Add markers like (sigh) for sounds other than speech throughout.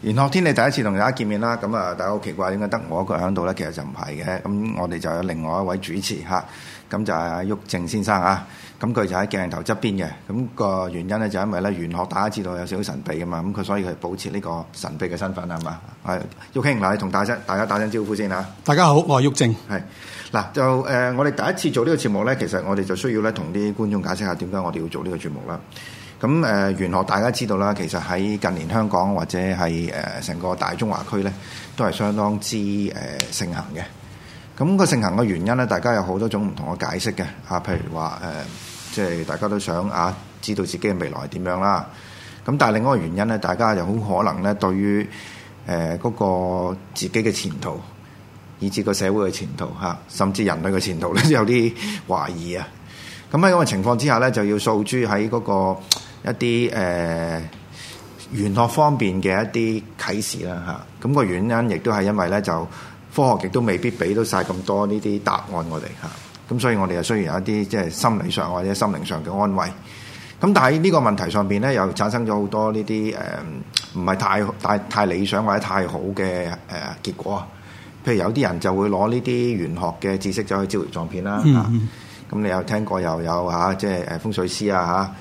玄學天地，你第一次同大家見面啦，咁啊，大家好奇怪點解得我一個喺度咧？其實就唔係嘅，咁我哋就有另外一位主持嚇，咁就係阿毓証先生啊，咁佢就喺鏡頭側邊嘅，咁個原因咧就因為咧玄學大家知道有少少神秘嘅嘛，咁佢所以佢保持呢個神秘嘅身份係嘛？係毓兄，嗱同大家大家打聲招呼先嚇。大家好，我係毓証，係嗱就誒，我哋第一次做呢個節目咧，其實我哋就需要咧同啲觀眾解釋下點解我哋要做呢個節目啦。咁誒，玄學、呃、大家知道啦，其實喺近年香港或者係誒成個大中華區咧，都係相當之誒、呃、盛行嘅。咁、那個盛行嘅原因咧，大家有好多種唔同嘅解釋嘅。嚇、啊，譬如話誒，即、呃、係、就是、大家都想啊，知道自己嘅未來點樣啦。咁但係另外一個原因咧，大家又好可能咧，對於誒嗰、呃那個自己嘅前途，以至個社會嘅前途、啊、甚至人類嘅前途咧， (laughs) 有啲懷疑啊。咁喺咁嘅情況之下咧，就要訴諸喺嗰個。一啲誒、呃、玄學方面嘅一啲啟示啦嚇，咁、啊那個原因亦都係因為咧，就科學亦都未必俾到晒咁多呢啲答案我哋嚇，咁、啊、所以我哋又需要有一啲即係心理上或者心靈上嘅安慰。咁、啊、但係呢個問題上邊咧又產生咗好多呢啲誒唔係太太太理想或者太好嘅誒、啊、結果，譬如有啲人就會攞呢啲玄學嘅知識走去招搖撞騙啦，咁、啊嗯嗯啊、你有聽過又有嚇、啊，即係誒風水師啊嚇。啊。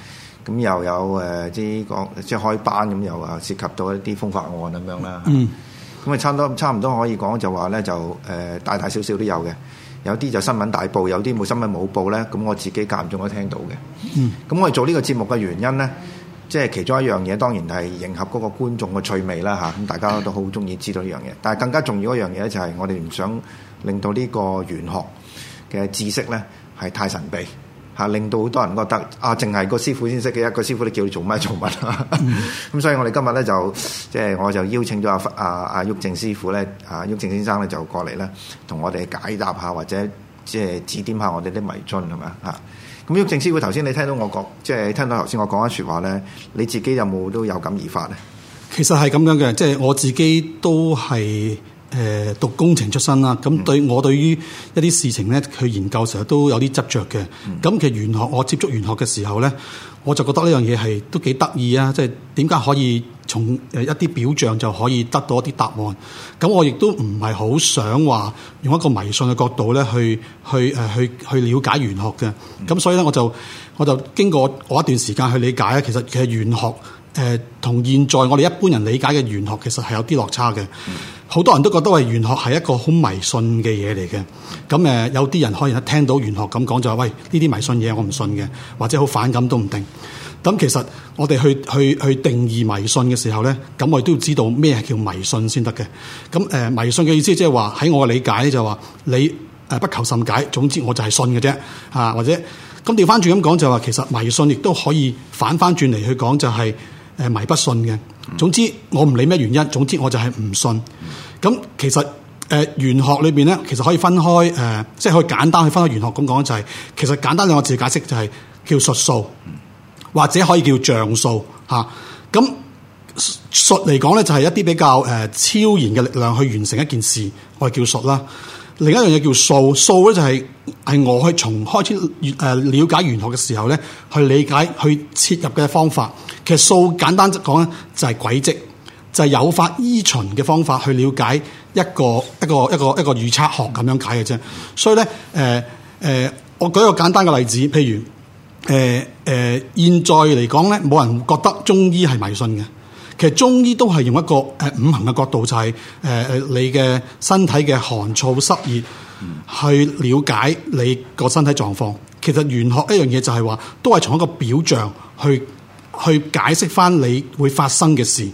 咁又有誒啲講即係開班咁，又啊涉及到一啲風化案咁樣啦。嗯，咁啊差唔多，差唔多可以講就話咧，就誒大大小小都有嘅。有啲就新聞大報，有啲冇新聞冇報咧。咁我自己間唔中都聽到嘅。嗯。咁我哋做呢個節目嘅原因咧，即係其中一樣嘢，當然係迎合嗰個觀眾嘅趣味啦嚇。咁大家都好中意知道呢樣嘢，但係更加重要一樣嘢咧，就係我哋唔想令到呢個玄學嘅知識咧係太神秘。嚇，令到好多人覺得啊，淨係個師傅先識嘅，一個師傅你叫你做咩做乜啊？咁、嗯、 (laughs) 所以我哋今日咧就即係我就邀請咗阿阿阿毓証師傅咧，阿毓証先生咧就過嚟咧，同我哋解答下或者即係指點下我哋啲迷津咁咪啊？咁毓証師傅，頭先你聽到我講，即係聽到頭先我講一説話咧，你自己有冇都有感而發咧？其實係咁樣嘅，即係我自己都係。誒讀工程出身啦，咁、嗯、對我對於一啲事情咧，去研究時候都有啲執着嘅。咁、嗯、其實玄學我接觸玄學嘅時候咧，我就覺得呢樣嘢係都幾得意啊！即係點解可以從誒一啲表象就可以得到一啲答案？咁我亦都唔係好想話用一個迷信嘅角度咧，去去去、呃、去了解玄學嘅。咁、嗯、所以咧，我就我就經過我一段時間去理解，其實其實玄學、呃、同現在我哋一般人理解嘅玄學其實係有啲落差嘅。嗯好多人都覺得喂，玄學係一個好迷信嘅嘢嚟嘅，咁誒有啲人可能聽到玄學咁講就話喂，呢啲迷信嘢我唔信嘅，或者好反感都唔定。咁其實我哋去去去定義迷信嘅時候咧，咁我哋都要知道咩叫迷信先得嘅。咁誒迷信嘅意思即係話喺我嘅理解就話你誒不求甚解，總之我就係信嘅啫嚇，或者咁調翻轉咁講就話其實迷信亦都可以反翻轉嚟去講就係誒，啊，迷不信嘅。總之我唔理咩原因，總之我就係唔信。咁其實誒玄、呃、學裏邊咧，其實可以分開誒，即、呃、係、就是、可以簡單去分開玄學咁講、就是，就係其實簡單兩個字解釋就係、是、叫術數，或者可以叫象數吓。咁術嚟講咧，就係、是、一啲比較、呃、超然嘅力量去完成一件事，我係叫術啦。另一樣嘢叫數，數咧就係、是、係我去從開始誒了解玄學嘅時候咧，去理解去切入嘅方法。其實數簡單講咧，就係、是、軌跡。就係有法依循嘅方法去了解一個一個一個一個預測學咁樣解嘅啫，所以咧誒誒，我舉一個簡單嘅例子，譬如誒誒、呃呃，現在嚟講咧，冇人覺得中醫係迷信嘅，其實中醫都係用一個誒五行嘅角度，就係誒誒，你嘅身體嘅寒燥濕熱去了解你個身體狀況。其實玄學一樣嘢就係話，都係從一個表象去。去解釋翻你會發生嘅事，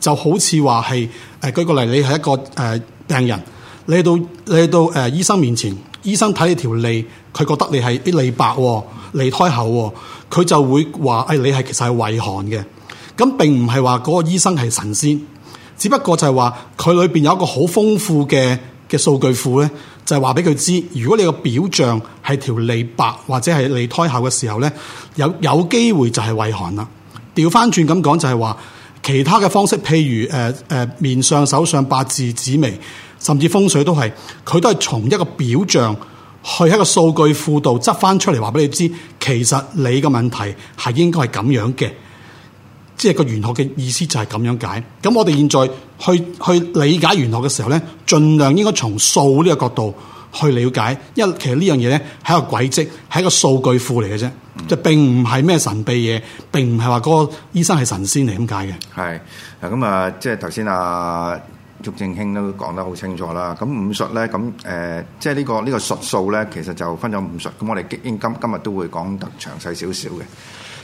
就好似話係誒舉個例，你係一個誒病人，你去到你去到誒醫生面前，醫生睇你條脷，佢覺得你係啲脷白、脷苔厚喎，佢就會話：誒你係其實係胃寒嘅。咁並唔係話嗰個醫生係神仙，只不過就係話佢裏邊有一個好豐富嘅嘅數據庫咧，就係話俾佢知，如果你個表象係條脷白或者係脷苔厚嘅時候咧，有有機會就係胃寒啦。調翻轉咁講就係話，其他嘅方式，譬如誒誒、呃呃、面相、手相、八字、紫微，甚至風水都係，佢都係從一個表象去一個數據庫度執翻出嚟話俾你知，其實你嘅問題係應該係咁樣嘅。即係個玄學嘅意思就係咁樣解。咁我哋現在去去理解玄學嘅時候呢，盡量應該從數呢個角度。去了解，因為其實呢樣嘢咧係一個軌跡，係一個數據庫嚟嘅啫，就、嗯、並唔係咩神秘嘢，並唔係話嗰個醫生係神仙嚟咁解嘅。係、呃、啊，咁啊、呃，即係頭先啊，毓証兄都講得好清楚啦。咁五術咧，咁誒，即係呢個呢個術數咧，其實就分咗五術。咁我哋應今今日都會講得詳細少少嘅。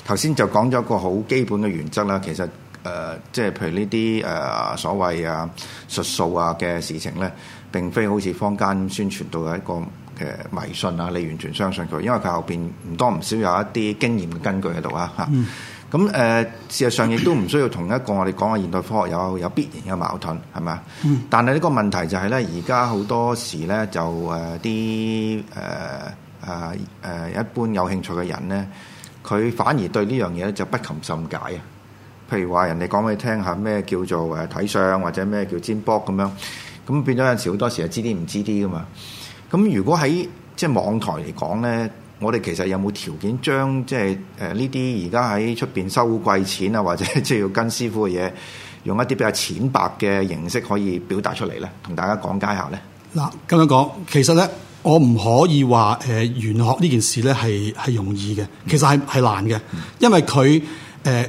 頭先就講咗一個好基本嘅原則啦。其實誒、呃，即係譬如呢啲誒所謂啊術數啊嘅事情咧。並非好似坊間宣傳到嘅一個嘅迷信啊，你完全相信佢，因為佢後邊唔多唔少有一啲經驗嘅根據喺度啊。嚇、嗯、咁、呃、誒事實上亦都唔需要同一個我哋講嘅現代科學有有必然嘅矛盾係咪啊？是嗯、但係呢個問題就係咧，而家好多時咧就誒啲誒誒誒一般有興趣嘅人咧，佢反而對這呢樣嘢咧就不求甚解啊。譬如話人哋講俾你聽下咩叫做誒睇相或者咩叫占卜咁樣。咁變咗有陣時好多時係知啲唔知啲噶嘛？咁如果喺即係網台嚟講咧，我哋其實有冇條件將即係誒呢啲而家喺出邊收貴錢啊，或者即係要跟師傅嘅嘢，用一啲比較淺白嘅形式可以表達出嚟咧，同大家講解下咧？嗱，咁樣講，其實咧，我唔可以話誒，玄學呢件事咧係係容易嘅，其實係係難嘅，嗯、因為佢誒。呃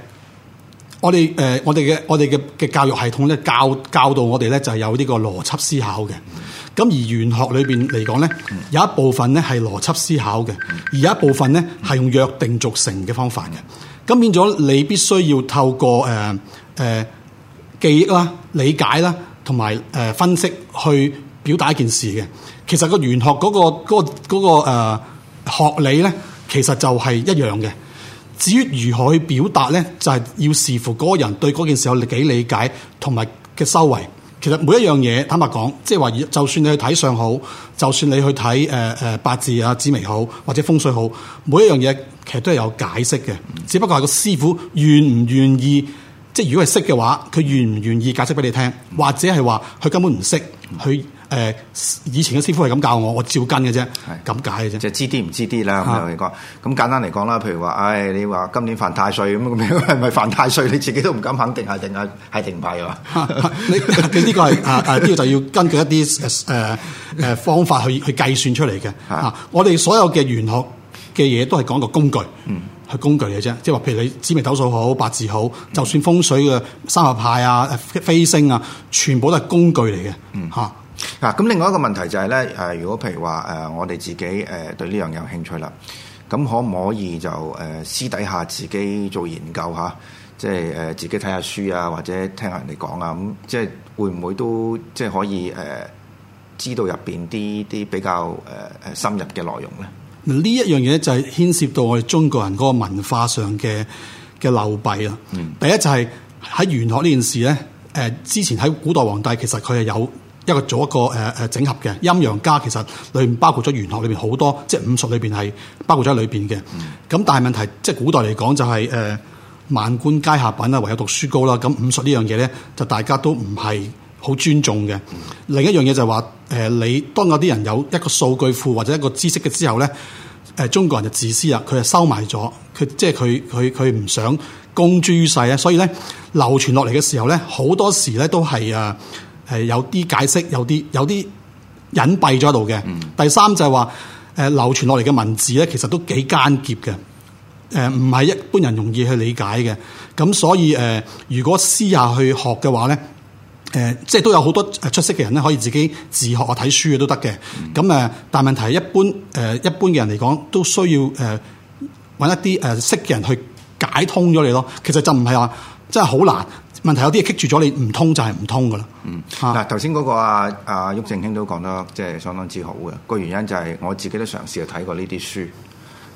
我哋誒，我哋嘅我哋嘅嘅教育系統咧，教教導我哋咧就係有呢個邏輯思考嘅。咁而玄學裏邊嚟講咧，有一部分咧係邏輯思考嘅，而有一部分咧係用約定俗成嘅方法嘅。咁變咗你必須要透過誒誒、呃呃、記憶啦、理解啦，同埋誒分析去表達一件事嘅。其實個玄學嗰個嗰個嗰個呃學理咧，其實就係一樣嘅。至於如何去表達呢？就係、是、要視乎嗰個人對嗰件事有幾理解同埋嘅修為。其實每一樣嘢坦白講，即係話就算你去睇相好，就算你去睇誒誒八字啊、紫微好或者風水好，每一樣嘢其實都係有解釋嘅。嗯、只不過係個師傅願唔願意，即係如果係識嘅話，佢願唔願意解釋俾你聽，或者係話佢根本唔識佢誒，以前嘅師傅係咁教我，我照跟嘅啫，咁是解嘅啫。就知啲唔知啲啦，咁樣嚟講，咁簡單嚟講啦。譬如話，唉，你話今年犯太歲咁啊，係咪犯太歲？你自己都唔敢肯定係定係係停牌喎。你你呢個係 (laughs) 啊呢、呢個就要根據一啲誒誒方法去去計算出嚟嘅。是啊，啊，我哋所有嘅玄學嘅嘢都係講個工具，嗯，係工具嘅啫。即係話，譬如你紫微斗數好、八字好，嗯、就算風水嘅三合派啊飛、飛星啊，全部都係工具嚟嘅，嗯，啊嗱，咁另外一個問題就係咧，誒，如果譬如話，誒，我哋自己誒對呢樣有興趣啦，咁可唔可以就誒私底下自己做研究嚇，即係誒自己睇下書啊，或者聽下人哋講啊，咁即係會唔會都即係可以誒知道入邊啲啲比較誒誒深入嘅內容咧？呢一樣嘢就係牽涉到我哋中國人嗰個文化上嘅嘅流弊啦。嗯、第一就係喺玄學呢件事咧，誒之前喺古代皇帝其實佢係有。一個做一個、呃、整合嘅陰陽家，其實裏面包括咗玄學裏面好多，即係五術裏面係包括咗裏面嘅。咁但係問題即係古代嚟講就係、呃、萬觀皆下品啦，唯有讀書高啦。咁五術呢樣嘢咧，就大家都唔係好尊重嘅。嗯、另一樣嘢就係話、呃、你當有啲人有一個數據庫或者一個知識嘅之後咧、呃，中國人就自私啦，佢就收埋咗，佢即係佢佢佢唔想公諸於世咧。所以咧流傳落嚟嘅時候咧，好多時咧都係係有啲解釋，有啲有啲隱蔽咗喺度嘅。嗯、第三就係話，誒、呃、流傳落嚟嘅文字咧，其實都幾艱澀嘅，誒唔係一般人容易去理解嘅。咁所以誒、呃，如果私下去學嘅話咧，誒、呃、即係都有好多誒出色嘅人咧，可以自己自學睇書都得嘅。咁誒、嗯，但問題係一般誒、呃、一般嘅人嚟講，都需要誒揾、呃、一啲誒、呃、識嘅人去解通咗你咯。其實就唔係話真係好難。問題有啲係棘住咗你，唔通就係唔通噶啦。嗯，嗱頭先嗰個啊啊毓証卿都講得即係相當之好嘅。個原因就係我自己都嘗試去睇過呢啲書，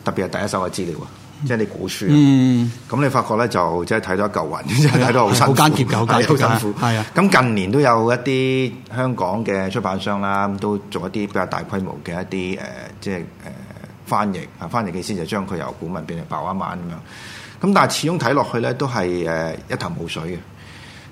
特別係第一手嘅資料啊，即係啲古書。嗯，咁你發覺咧就即係睇到一嚿雲，真係睇到好辛苦，好、啊啊、艱鉅好辛、啊、辛苦。係啊，咁、啊、近年都有一啲香港嘅出版商啦，都做一啲比較大規模嘅一啲誒，即係誒翻譯啊，翻譯嘅先就將佢由古文變成白話文咁樣。咁但係始終睇落去咧都係誒、呃、一頭霧水嘅。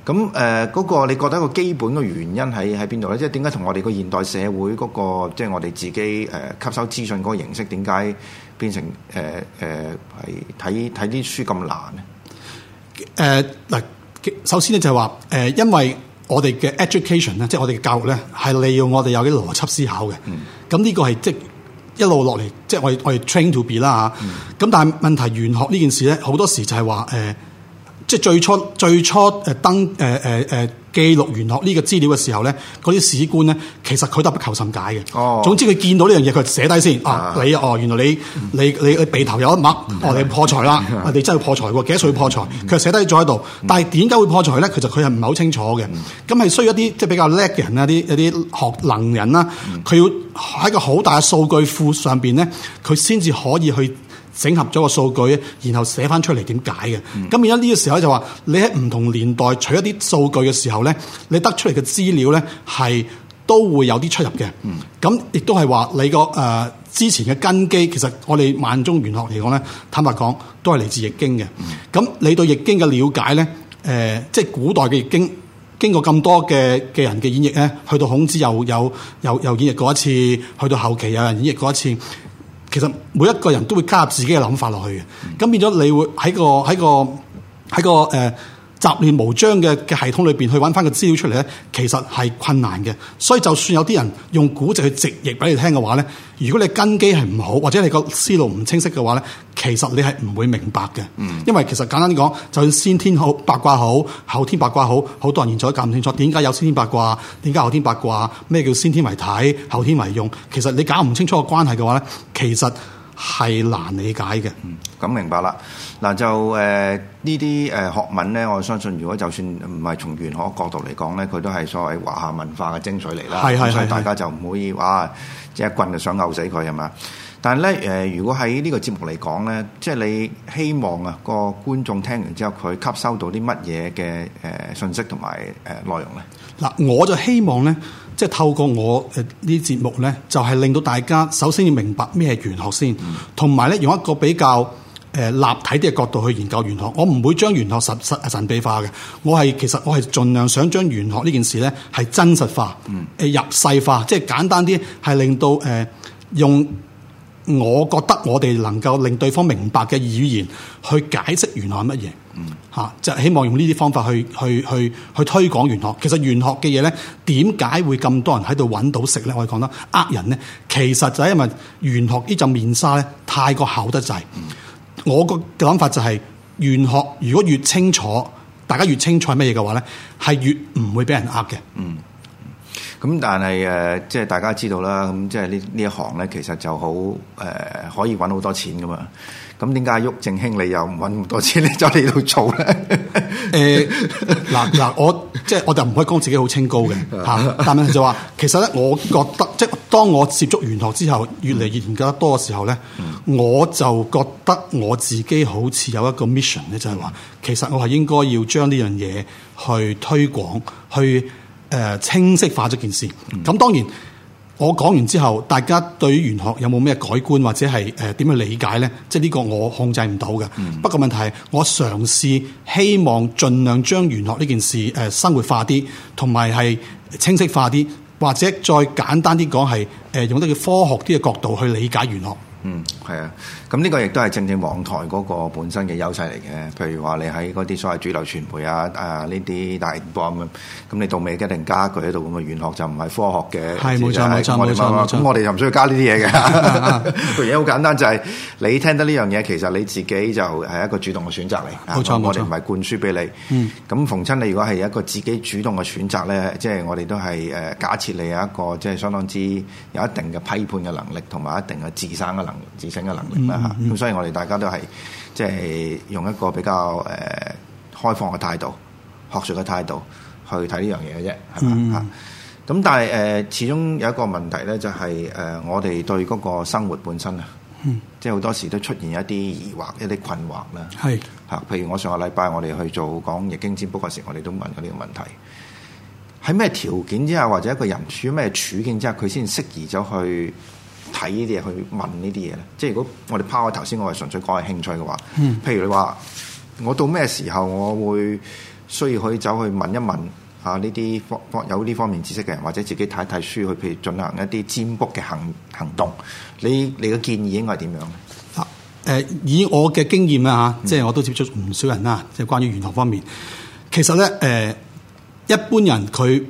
咁誒嗰個你覺得一個基本嘅原因喺喺邊度咧？即係點解同我哋個現代社會嗰、嗰個即係、就是、我哋自己誒吸收資訊嗰個形式點解變成誒誒係睇睇啲書咁難咧？誒嗱，首先咧就係話誒，因為我哋嘅 education 咧，即係我哋嘅教育咧，係、就是、利用我哋有啲邏輯思考嘅。嗯。咁呢個係即係一路落嚟，即係我哋我哋 train to be 啦嚇。咁但係問題，玄學呢件事咧，好多時就係話誒。即係最初最初登誒誒誒記錄玄學呢個資料嘅時候咧，嗰啲史官咧其實佢都不求甚解嘅。哦，總之佢見到呢樣嘢，佢寫低先啊，啊！你哦，原來你、嗯、你你、你鼻頭有一剝，嗯、哦，你破財啦，嗯、你真係破財喎，幾多歲破財？佢寫低咗喺度，但係點解會破財咧？其實佢係唔係好清楚嘅。咁係、嗯、需要一啲即係比較叻嘅人啊，啲一啲學能人啦，佢、嗯、要喺個個好大嘅數據庫上邊咧，佢先至可以去。整合咗個數據，然後寫翻出嚟點解嘅？咁而家呢個時候就話，你喺唔同年代取一啲數據嘅時候咧，你得出嚟嘅資料咧，係都會有啲出入嘅。咁亦都係話你個誒、呃、之前嘅根基，其實我哋萬中玄學嚟講咧，坦白講都係嚟自易經嘅。咁、嗯、你對易經嘅了解咧，誒、呃，即係古代嘅易經，經過咁多嘅嘅人嘅演繹咧，去到孔子又有又又演繹過一次，去到後期有人演繹過一次。其實每一個人都會加入自己嘅諗法落去嘅，咁變咗你會喺個喺個喺個誒。呃雜亂無章嘅嘅系統裏面去揾翻個資料出嚟咧，其實係困難嘅。所以就算有啲人用古籍去直譯俾你聽嘅話咧，如果你根基係唔好，或者你個思路唔清晰嘅話咧，其實你係唔會明白嘅。嗯、因為其實簡單啲講，就先天好八卦好，後天八卦好，好多人現在都搞唔清楚點解有先天八卦，點解後天八卦，咩叫先天為體，後天為用。其實你搞唔清楚個關係嘅話咧，其實。係難理解嘅，咁、嗯、明白啦。嗱就誒呢啲誒學問咧，我相信如果就算唔係從玄學角度嚟講咧，佢都係所謂華夏文化嘅精髓嚟啦。係係係，所以大家就唔可以是是是話，即係一棍就想拗死佢係咪？但係咧、呃、如果喺呢個節目嚟講咧，即係你希望啊個觀眾聽完之後，佢吸收到啲乜嘢嘅誒信息同埋誒內容咧？嗱、呃，我就希望咧。即係透過我誒呢啲節目咧，就係、是、令到大家首先要明白咩係玄學先，同埋咧用一個比較誒、呃、立體啲嘅角度去研究玄學。我唔會將玄學神神神秘化嘅，我係其實我係盡量想將玄學呢件事咧係真實化，誒、嗯呃、入世化，即係簡單啲係令到誒、呃、用我覺得我哋能夠令對方明白嘅語言去解釋玄學係乜嘢。吓，就、嗯、希望用呢啲方法去去去去推廣玄學。其實玄學嘅嘢咧，點解會咁多人喺度揾到食咧？我哋講得呃人咧，其實就係因為玄學呢陣面紗咧太過厚得滯。嗯、我個諗法就係、是、玄學如果越清楚，大家越清楚係乜嘢嘅話咧，係越唔會俾人呃嘅、嗯。嗯。咁但係誒，即、呃、係大家知道啦，咁、呃、即係呢呢一行咧，其實就好誒、呃，可以揾好多錢㗎嘛。咁點解毓証你又唔揾咁多錢呢？就喺度做咧？誒嗱嗱，我即係我就唔可以講自己好清高嘅嚇， (laughs) 但係就話其實咧，我覺得即係當我接觸玄學之後，越嚟越研究得多嘅時候咧，嗯、我就覺得我自己好似有一個 mission 咧，就係話其實我係應該要將呢樣嘢去推廣，去、呃、清晰化咗件事。咁、嗯、當然。我講完之後，大家對於玄學有冇咩改觀或者係誒點樣理解呢？即係呢個我控制唔到嘅。嗯、不過問題係，我嘗試希望盡量將玄學呢件事誒、呃、生活化啲，同埋係清晰化啲，或者再簡單啲講係誒用得個科學啲嘅角度去理解玄學。嗯，係啊。咁呢個亦都係正正網台嗰個本身嘅優勢嚟嘅，譬如話你喺嗰啲所謂主流傳媒啊啊呢啲大報咁、嗯嗯，你到尾一定加佢喺度咁嘅，玄學就唔係科學嘅，係冇錯冇，咁我哋就唔需要加呢啲嘢嘅，個嘢好簡單就係、是、你聽得呢樣嘢，其實你自己就係一個主動嘅選擇嚟。冇錯我哋唔係灌輸俾你。嗯，咁逢親，你如果係一個自己主動嘅選擇咧，即、就、係、是、我哋都係誒假設你有一個即係、就是、相當之有一定嘅批判嘅能力，同埋一定嘅自,、嗯、自省嘅能自省嘅能力咁、嗯、所以，我哋大家都係即係用一個比較誒開放嘅態度、學術嘅態度去睇呢樣嘢嘅啫，係嘛？咁、嗯、但係誒，始終有一個問題咧，就係誒我哋對嗰個生活本身啊，嗯、即係好多時都出現一啲疑惑、一啲困惑啦。係嚇的，譬如我上個禮拜我哋去做講易經嗰時，不過時我哋都問過呢個問題：喺咩條件之下，或者一個人處於咩處境之下，佢先適宜咗去？睇呢啲嘢去問這些呢啲嘢咧，即係如果我哋拋開頭先，我係純粹講係興趣嘅話，嗯、譬如你話我到咩時候我會需要可以走去問一問啊呢啲方有呢方面知識嘅人，或者自己睇一睇書去，譬如進行一啲占卜嘅行行動，你你嘅建議應該係點樣咧、啊呃？啊，誒、嗯，以我嘅經驗啦嚇，即係我都接觸唔少人啦，即係關於玄學方面，其實咧誒、呃，一般人佢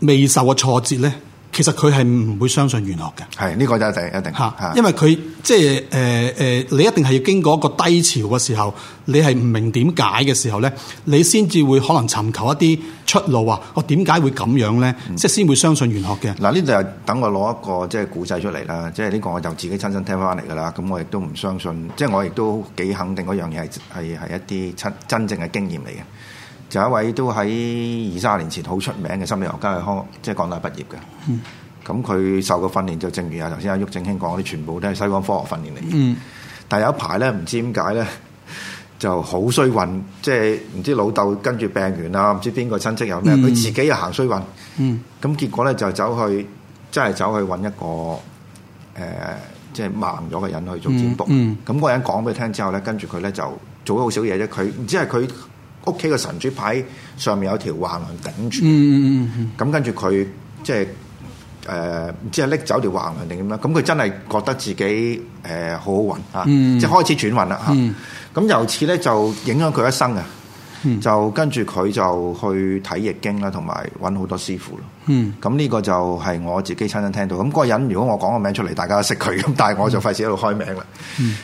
未受過挫折咧。其實佢係唔會相信玄學嘅，係呢個就一定一定嚇，是因為佢即係誒誒，你一定係要經過一個低潮嘅時候，你係唔明點解嘅時候咧，你先至會可能尋求一啲出路啊！我點解會咁樣咧？即係先會相信玄學嘅。嗱呢度係等我攞一個即係古仔出嚟啦，即係呢個我就自己親身聽翻嚟㗎啦。咁我亦都唔相信，即係我亦都幾肯定嗰樣嘢係係係一啲真真正嘅經驗嚟嘅。就一位都喺二三十年前好出名嘅心理學家，係康，即係港大畢業嘅。咁佢、嗯、受嘅訓練就正如啊頭先阿毓証兄講啲，全部都係西方科學訓練嚟嘅。嗯、但有一排咧，唔知點解咧，就好衰運，即係唔知老豆跟住病完啦，唔知邊個親戚有咩，佢、嗯、自己又行衰運。咁、嗯、結果咧就走去，真係走去揾一個即係盲咗嘅人去做占卜。咁嗰、嗯嗯、個人講俾佢聽之後咧，跟住佢咧就做咗好少嘢啫。佢唔知係佢。屋企嘅神主牌上面有條橫梁頂住，咁、嗯、跟住佢即係誒，唔知係拎走條橫梁定點樣，咁佢真係覺得自己誒、呃、好好運，啊、嗯，即係開始轉運啦嚇。咁、嗯、由此咧就影響佢一生啊。就跟住佢就去睇易經啦，同埋揾好多師傅咯。咁呢個就係我自己親身聽到。咁個人如果我講個名出嚟，大家都識佢咁，但係我就費事喺度開名啦。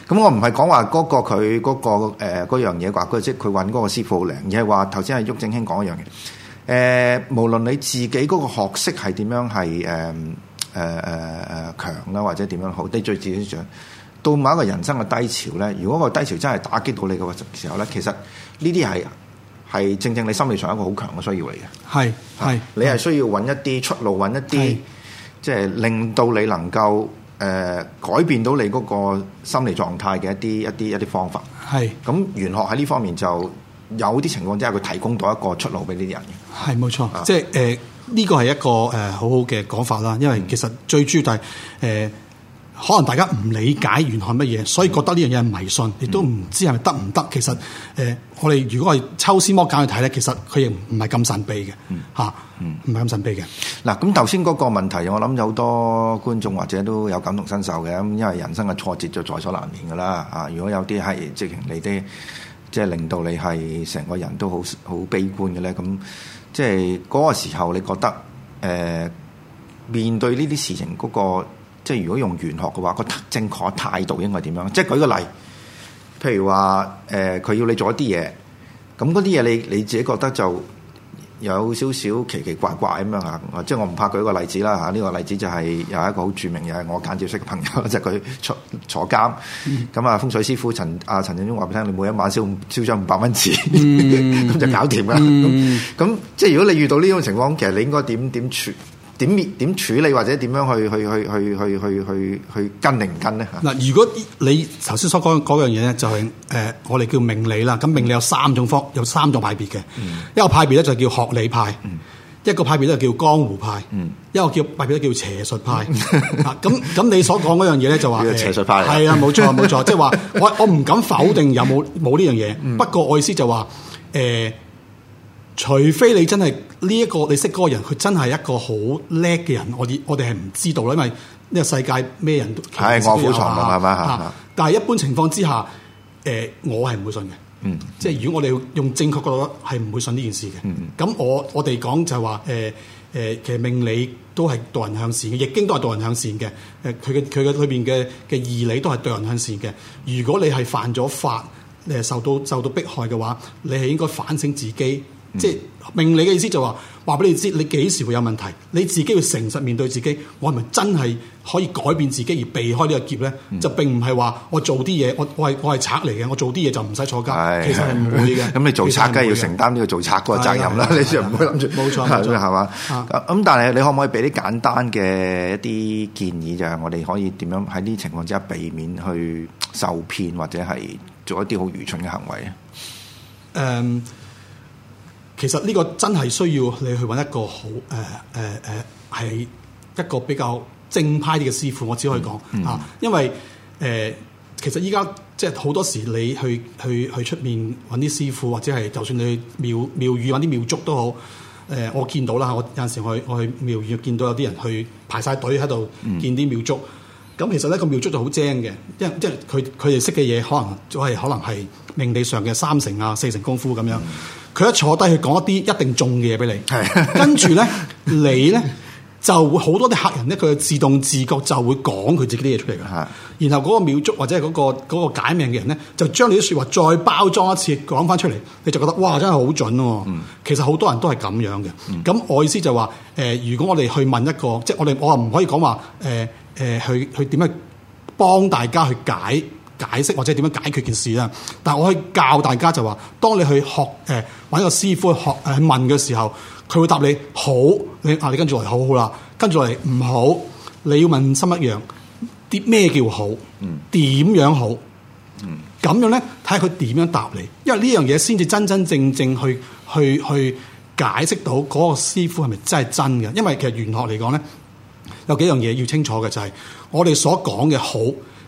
咁我唔係講話嗰個佢嗰個嗰樣嘢啩，即係佢揾嗰個師傅好靈，而係話頭先係毓証兄講一樣嘢。誒，無論你自己嗰個學識係點樣係強啦，或者點樣好，你最自己想。到某一個人生嘅低潮咧，如果個低潮真係打擊到你嘅時候咧，其實呢啲係。係正正你心理上一個好強嘅需要嚟嘅，係係你係需要揾一啲出路，揾一啲即係令到你能夠誒改變到你嗰個心理狀態嘅一啲一啲一啲方法。係咁，玄學喺呢方面就有啲情況之下，佢提供到一個出路俾呢啲人嘅。係冇錯，即係誒呢個係一個誒好好嘅講法啦。因為其實最主要係誒。可能大家唔理解玄學乜嘢，所以覺得呢樣嘢係迷信，亦都唔知係咪得唔得。其實，誒、呃，我哋如果係抽絲剝繭去睇咧，其實佢亦唔係咁神秘嘅，嚇、嗯，唔係咁神秘嘅。嗱、嗯，咁頭先嗰個問題，我諗有多觀眾或者都有感同身受嘅。咁因為人生嘅挫折就在所難免嘅啦，啊，如果有啲係直情你啲，即係令到你係成個人都好好悲觀嘅咧，咁即係嗰個時候，你覺得誒、呃、面對呢啲事情嗰、那個？即係如果用玄學嘅話，個正確的態度應該點樣？即係舉個例子，譬如話誒，佢、呃、要你做一啲嘢，咁嗰啲嘢你你自己覺得就有少少奇奇怪怪咁樣嚇。即係我唔怕舉個例子啦嚇，呢、啊呢個例子就係有一個好著名嘅，我間接識嘅朋友，就佢、係、坐坐監，咁啊、嗯、風水師傅陳啊陳振中話俾你聽，你每一晚燒燒咗五百蚊錢，咁、嗯、 (laughs) 就搞掂啦。咁、嗯、即係如果你遇到呢種情況，其實你應該點點處？點點處理或者點樣去去去去去去去，去跟定跟咧？嗱，如果你頭先所講嗰樣嘢咧、就係，就係誒我哋叫命理啦。咁命理有三種方，有三種派別嘅。嗯、一個派別咧就叫學理派，嗯、一個派別咧就叫江湖派，嗯、一個叫派別咧叫邪術派。咁咁、 (laughs) 啊、你所講嗰樣嘢咧就話邪術派，係、呃、啊冇錯冇錯，即係話我我唔敢否定有冇冇呢樣嘢。不過我意思就話、是、誒。呃除非你真係呢一個你識嗰個人，佢真係一個好叻嘅人，我哋我哋係唔知道啦，因為呢個世界咩人都係臥虎藏龍係嘛嚇。但係一般情況之下，誒、呃、我係唔會信嘅。嗯，即係如果我哋用正確的角度係唔會信呢件事嘅。嗯，咁我我哋講就係話誒誒，其實命理都係導人向善嘅，易經都係導人向善嘅。誒、呃，佢嘅佢嘅裏邊嘅嘅義理都係導人向善嘅。如果你係犯咗法，誒受到受到迫害嘅話，你係應該反省自己。即係命理嘅意思就話，話俾你知你幾時會有問題，你自己要誠實面對自己。我係咪真係可以改變自己而避開呢個劫咧？就並唔係話我做啲嘢，我我係我係賊嚟嘅，我做啲嘢就唔使坐監。其實係唔會嘅。咁你做賊，梗係要承擔呢個做賊嗰個責任啦。你唔會諗住。冇錯，冇係嘛？咁但係你可唔可以俾啲簡單嘅一啲建議，就係我哋可以點樣喺呢啲情況之下避免去受騙或者係做一啲好愚蠢嘅行為咧？誒。其實呢個真係需要你去揾一個好誒誒誒係一個比較正派啲嘅師傅，我只可以講、嗯、啊，因為誒、呃、其實依家即係好多時你去去去出面揾啲師傅，或者係就算你去廟廟宇揾啲廟祝都好。誒、呃，我見到啦，我有陣時候我去我去廟宇見到有啲人去排晒隊喺度見啲廟祝。咁、嗯、其實呢、呢個廟祝就好精嘅，即係即係佢佢哋識嘅嘢可能就係可能係命理上嘅三成啊四成功夫咁樣。嗯佢一坐低去講一啲一定中嘅嘢俾你，是的 跟住咧 (laughs) 你咧就會好多啲客人咧佢自動自覺就會講佢自己啲嘢出嚟嘅，是的 然後嗰個廟祝或者係、那、嗰、個那個解命嘅人咧，就將你啲説話再包裝一次講翻出嚟，你就覺得哇真係好準喎、啊！嗯、其實好多人都係咁樣嘅，咁、嗯、我意思就話、是、誒、呃，如果我哋去問一個，即係我哋我唔可以講話誒誒，去去點樣幫大家去解。解釋或者點樣解決件事啦，但係我可以教大家就話，當你去學誒搵、呃、個師傅去學誒、呃、問嘅時候，佢會答你好，你啊你跟住嚟好好啦，跟住嚟唔好，你要問心一樣，啲咩叫好，點樣好，咁樣咧睇下佢點樣答你，因為呢樣嘢先至真真正正去去去解釋到嗰個師傅係咪真係真嘅，因為其實玄學嚟講咧，有幾樣嘢要清楚嘅就係、是、我哋所講嘅好。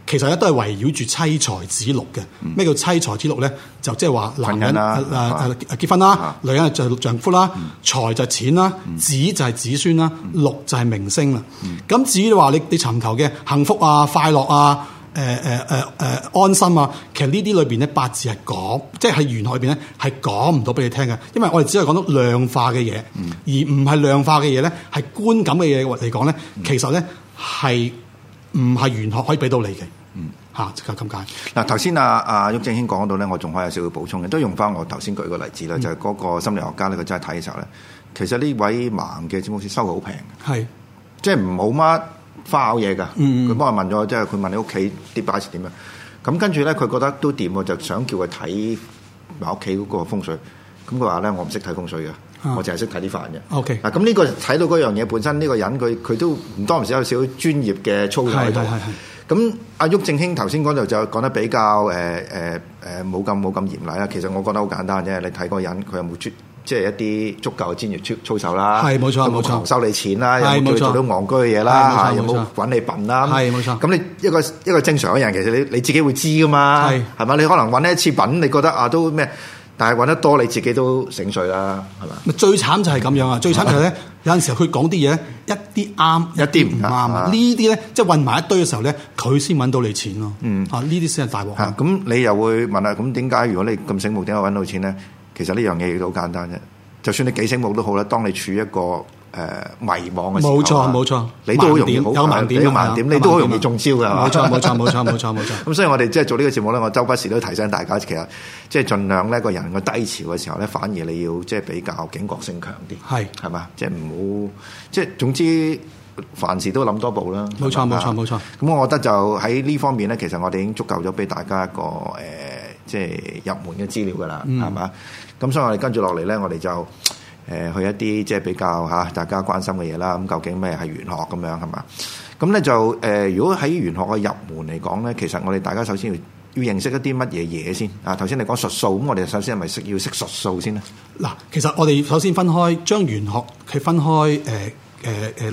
其實咧都係圍繞住妻財子祿嘅。咩叫妻財子祿咧？就即係話男人誒誒結婚啦，女人就丈夫啦，財就錢啦，子就係子孫啦，祿就係明星啦。咁至於話你你尋求嘅幸福啊、快樂啊、誒誒誒誒安心啊，其實呢啲裏邊咧八字係講，即係喺玄學裏邊咧係講唔到俾你聽嘅，因為我哋只係講到量化嘅嘢，而唔係量化嘅嘢咧係觀感嘅嘢嚟講咧，其實咧係。唔係玄學可以俾到你嘅，嗯嚇即係咁解嗱。頭先啊啊，毓、就是啊啊、証兄講到咧，我仲可以有少少補充嘅，都用翻我頭先舉個例子咧，嗯、就係嗰個心理學家咧。佢真係睇嘅時候咧，其實呢位盲嘅占卜師收好平嘅，是即係唔好乜花巧嘢㗎。佢幫我問咗，即係佢問你屋企啲擺設點樣咁，跟住咧佢覺得都掂喎，就想叫佢睇埋屋企嗰個風水。咁佢話咧，我唔識睇風水嘅。啊、我淨係識睇啲飯嘅。O K、啊。嗱、okay，咁呢、呢個睇到嗰樣嘢本身呢個人佢佢都唔多唔少有少專業嘅操守喺度。咁阿毓証興頭先嗰度就講得比較誒誒誒冇咁冇咁嚴厲啦。其實我覺得好簡單啫。你睇嗰個人佢有冇足即係一啲足夠嘅專業操操守啦。係冇錯冇錯。有冇收你錢啦。的有冇做到昂居嘅嘢啦。有冇揾你笨啦？係冇錯。咁你一個一個正常嘅人，其實你你自己會知噶嘛。係的。係嘛的？你可能揾一次笨，你覺得啊都咩？但係揾得多你自己都醒水啦，係嘛？最慘就係咁樣啊！最慘就係咧，有陣時佢講啲嘢，一啲啱，一啲唔啱啊！呢啲咧，即係混埋一堆嘅時候咧，佢先揾到你錢咯。嗯，啊呢啲先係大鑊啊！咁你又會問下：「咁點解如果你咁醒目，點解揾到錢咧？」其實呢樣嘢亦都好簡單啫。就算你幾醒目都好啦，當你處一個。誒，迷惘嘅時候，冇錯冇錯，你都好容易有盲點，你都好容易中招嘅，冇錯冇錯冇錯冇錯冇錯。咁所以，我哋即係做呢個節目咧，我周不時都提醒大家，其實即係儘量咧，個人嘅低潮嘅時候咧，反而你要即係比較警覺性強啲，係係嘛，即係唔好即係總之，凡事都諗多步啦。冇錯冇錯冇錯。咁我覺得就喺呢方面咧，其實我哋已經足夠咗俾大家一個誒，即係入門嘅資料㗎喇，係嘛？咁所以我哋跟住落嚟咧，我哋就。誒去一啲即係比較嚇大家關心嘅嘢啦，咁究竟咩係玄學咁樣係嘛？咁咧就誒、呃，如果喺玄學嘅入門嚟講咧，其實我哋大家首先要要認識一啲乜嘢嘢先啊！頭先你講術數，咁我哋首先係咪識要識術數先咧？嗱，其實我哋首先分開將玄學佢分開誒。呃誒誒，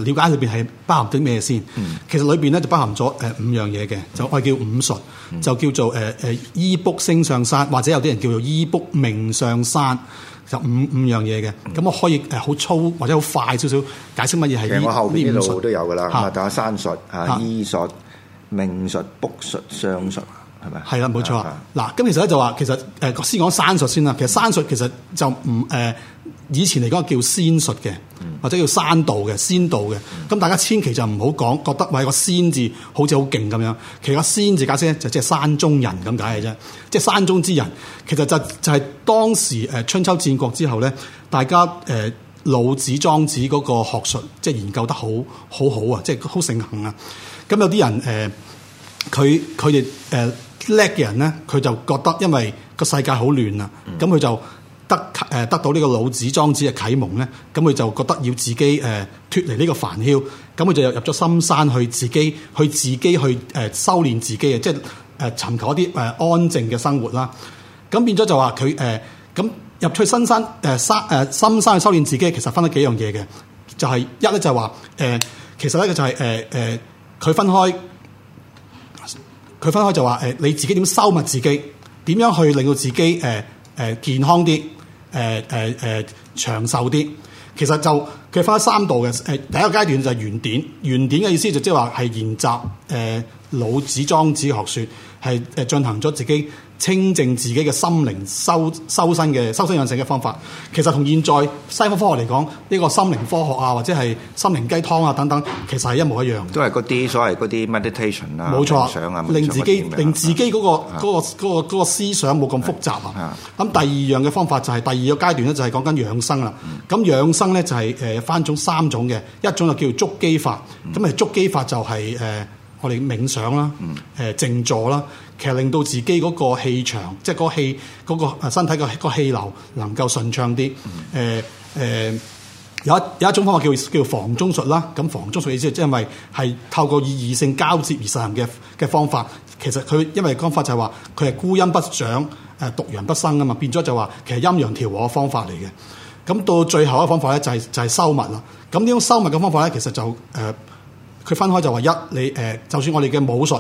瞭、呃、解裏邊係包含啲咩先？嗯、其實裏邊咧就包含咗誒五樣嘢嘅，就我叫五術，嗯、就叫做誒誒醫卜星上山，或者有啲人叫做醫卜命上山，就五五樣嘢嘅。咁、嗯、我可以誒好粗或者好快少少解釋乜嘢係衣五術都有㗎啦。咁啊，山術啊，醫、啊、術、命術、卜術、相術係咪？係啦，冇、啊、錯、啊。嗱、啊，咁其實咧就話，其實誒、呃、先講山術先啦。其實山術其實就唔誒。呃以前嚟講叫仙術嘅，或者叫山道嘅、仙道嘅，咁大家千祈就唔好講，覺得話個仙字好似好勁咁樣。其實個仙字假設咧，就即係山中人咁解嘅啫，即係山中之人。其實就就係當時春秋戰國之後咧，大家老子莊子嗰個學術即係研究得好好好啊，即係好盛行啊。咁有啲人，佢佢哋誒叻嘅人咧，佢就覺得因為個世界好亂啊，咁佢、嗯、就。得誒得到呢個老子莊子嘅啟蒙咧，咁佢就覺得要自己誒脱、呃、離呢個煩囂，咁佢就入咗深山去自己去自己去誒、呃、修煉自己嘅，即係誒尋求一啲誒、呃、安靜嘅生活啦。咁變咗就話佢誒咁入去深山誒山誒深山去修煉自己，其實分咗幾樣嘢嘅，就係、是、一咧就係話誒其實咧佢就係誒誒佢分開佢分開就話誒、呃、你自己點修葺自己，點樣去令到自己誒，呃誒，健康啲，誒、呃，誒、呃，誒、呃，長壽啲，其實就佢分三度嘅，誒，第一個階段就係原點，原點嘅意思就即係話係研習誒、呃、老子、莊子學說，係誒進行咗自己。清淨自己嘅心靈修，修修身嘅修身養性嘅方法，其實同現在西方科學嚟講，呢、呢個心靈科學啊，或者係心靈雞湯啊等等，其實係一模一樣。都係嗰啲所謂嗰啲 meditation 啊，冇錯啊，冥想啊，冥想啊令自己、啊、令自己嗰、嗰個嗰是個思想冇咁複雜啊。咁第二樣嘅方法就係第二個階段咧，就係講緊養生啦。咁、嗯、養生咧就係分種三種嘅，一種就叫做捉機法。咁誒捉機法就係、是呃我哋冥想啦，誒、呃、靜坐啦，其實令到自己嗰個氣場，即係嗰氣嗰、嗰個身體個、嗰個氣流能夠順暢啲。誒、呃、誒、呃，有一有一種方法叫叫房中術啦。咁房中術意思道，即係因為係透過以異性交接而實行嘅嘅方法。其實佢因為方法就係話，佢係孤陰不長，誒獨陽不生啊嘛。變咗就話，其實陰陽調和嘅方法嚟嘅。咁到最後一個方法咧、就係，就係就係收物啦。咁呢種收物嘅方法咧，其實就誒。呃佢分開就話一，你誒、呃、就算我哋嘅武術，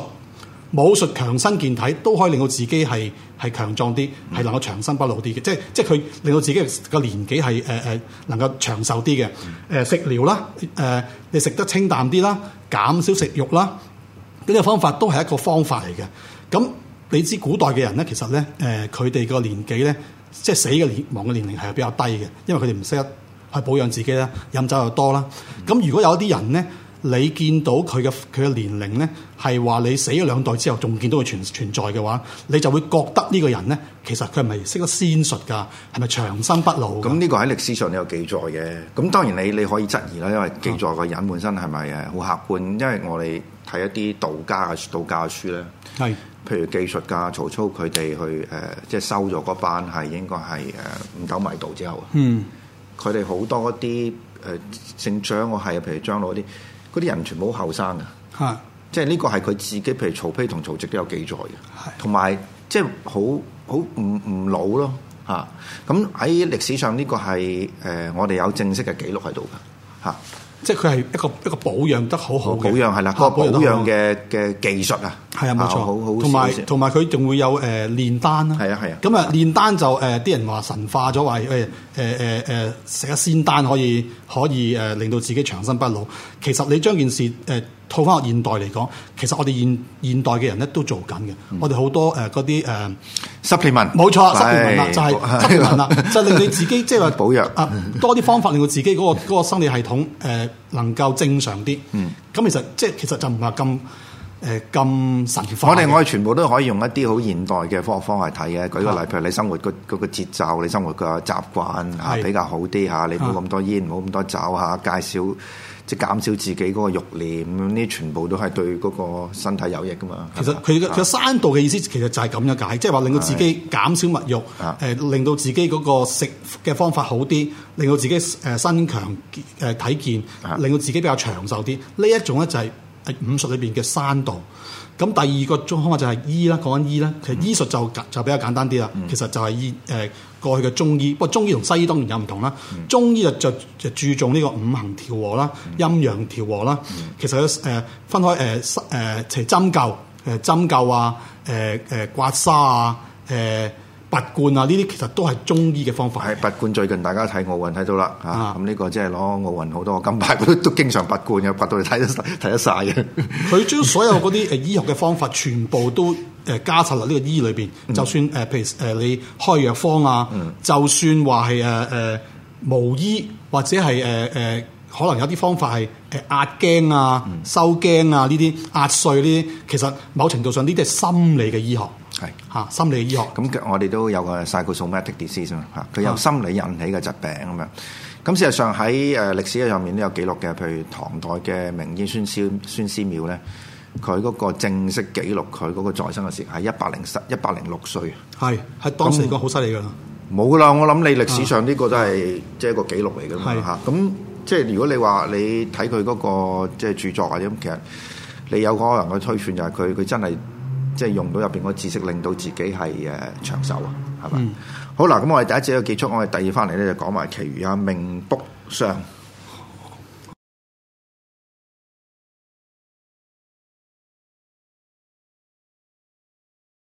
武術強身健體都可以令到自己係係強壯啲，係能夠長生不老啲嘅，即係即係佢令到自己個年紀係誒誒能夠長壽啲嘅。誒、呃、食療啦，誒、呃、你食得清淡啲啦，減少食肉啦，呢、這個方法都係一個方法嚟嘅。咁你知古代嘅人咧，其實咧誒佢哋個年紀咧，即係死嘅年亡嘅年齡係比較低嘅，因為佢哋唔識得去保養自己啦，飲酒又多啦。咁如果有啲人咧，你見到佢嘅佢嘅年齡咧，係話你死咗兩代之後仲見到佢存存在嘅話，你就會覺得呢個人咧，其實佢係咪識得仙術㗎？係咪長生不老？咁呢個喺歷史上都有記載嘅。咁當然你你可以質疑啦，因為記載個人本身係咪好客觀？因為我哋睇一啲道家嘅道家書咧，係是譬如記述㗎曹操佢哋去、呃、即係收咗嗰班係應該係誒五斗米道之後，嗯，佢哋好多啲誒姓張，呃、我係譬如張魯啲。嗰啲人全部好後生嘅，的即係呢個係佢自己，譬如曹丕同曹植都有記載嘅，同埋的即係好好唔唔老咯，嚇、啊！咁喺歷史上呢個係誒、呃、我哋有正式嘅記錄喺度嘅，嚇、啊！即係佢係一個一個保養得好好，嘅保養係啦，個保養嘅嘅技術啊。係啊，冇錯，好好。同埋同埋佢仲會有誒練丹啦。係啊係啊。咁啊練丹就誒啲人話神化咗，話誒誒誒誒食一仙丹可以可以誒令到自己長生不老。其實你將件事誒套翻學現代嚟講，其實我哋現現代嘅人咧都做緊嘅。我哋好多誒嗰啲誒 supplement，冇錯，supplement 就係 supplement 啦，就令你自己即係話補藥啊，多啲方法令到自己嗰個嗰個生理系統誒能夠正常啲。嗯。咁其實即係其實就唔係咁。誒咁神我哋我哋全部都可以用一啲好現代嘅科學方法睇嘅。舉個例，譬如你生活個嗰個節奏，你生活嘅習慣係是比較好啲嚇，你冇咁多煙，冇咁是多酒嚇，減少即係減少自己嗰個慾念，呢全部都係對嗰個身體有益噶嘛。其實佢嘅佢山道嘅意思，其實就係咁樣解，即係話令到自己減少物慾，誒令到自己嗰個食嘅方法好啲，令到自己誒身強健誒體健，令到自己比較長壽啲。呢一種咧就係、是。係五術裏邊嘅山道，咁第二個中可能就係醫啦，講緊醫呢，其實醫術就就比較簡單啲啦。嗯、其實就係醫誒、呃、過去嘅中醫，不過中醫同西醫當然有唔同啦。中醫就就就注重呢個五行調和啦、陰陽調和啦。嗯、其實有分開誒誒，斜、呃、針、呃、灸誒針灸啊，誒、呃呃、刮痧啊，誒、呃。拔罐啊！呢啲其實都係中醫嘅方法。係拔罐，最近大家睇奧運睇到啦，咁呢、啊啊、個即係攞奧運好多個金牌，都都經常拔罐嘅，拔到你睇得睇得曬嘅。佢將所有嗰啲誒醫學嘅方法， (laughs) 全部都加插落呢個醫裏面。嗯、就算誒譬、呃、如誒、呃、你開藥方啊，嗯、就算話係誒誒無醫或者係誒、呃呃可能有啲方法係誒壓驚啊、收驚啊呢啲、嗯、壓碎呢啲，其實某程度上呢啲係心理嘅醫學，係嚇是、啊、心理醫學。咁我哋都有個 psychiatric disease 嘛，佢由心理引起嘅疾病咁樣。咁、啊、是事實上喺誒歷史上面都有記錄嘅，譬如唐代嘅名醫孫，孫思孫思邈咧，佢嗰個正式記錄佢嗰個在生嘅時係一百零十、一百零六歲，係係當時個好犀利㗎。冇啦，我諗你歷史上呢個都係即係一個記錄嚟嘅。嘛咁是。即係如果你話你睇佢嗰個即係著作啊咁，其實你有可能嘅推算就係佢佢真係即係用到入邊個知識，令到自己係誒長壽啊，係嘛？嗯、好啦，咁我哋第一節就結束，我哋第二返嚟咧就講埋其餘啊，命卜相。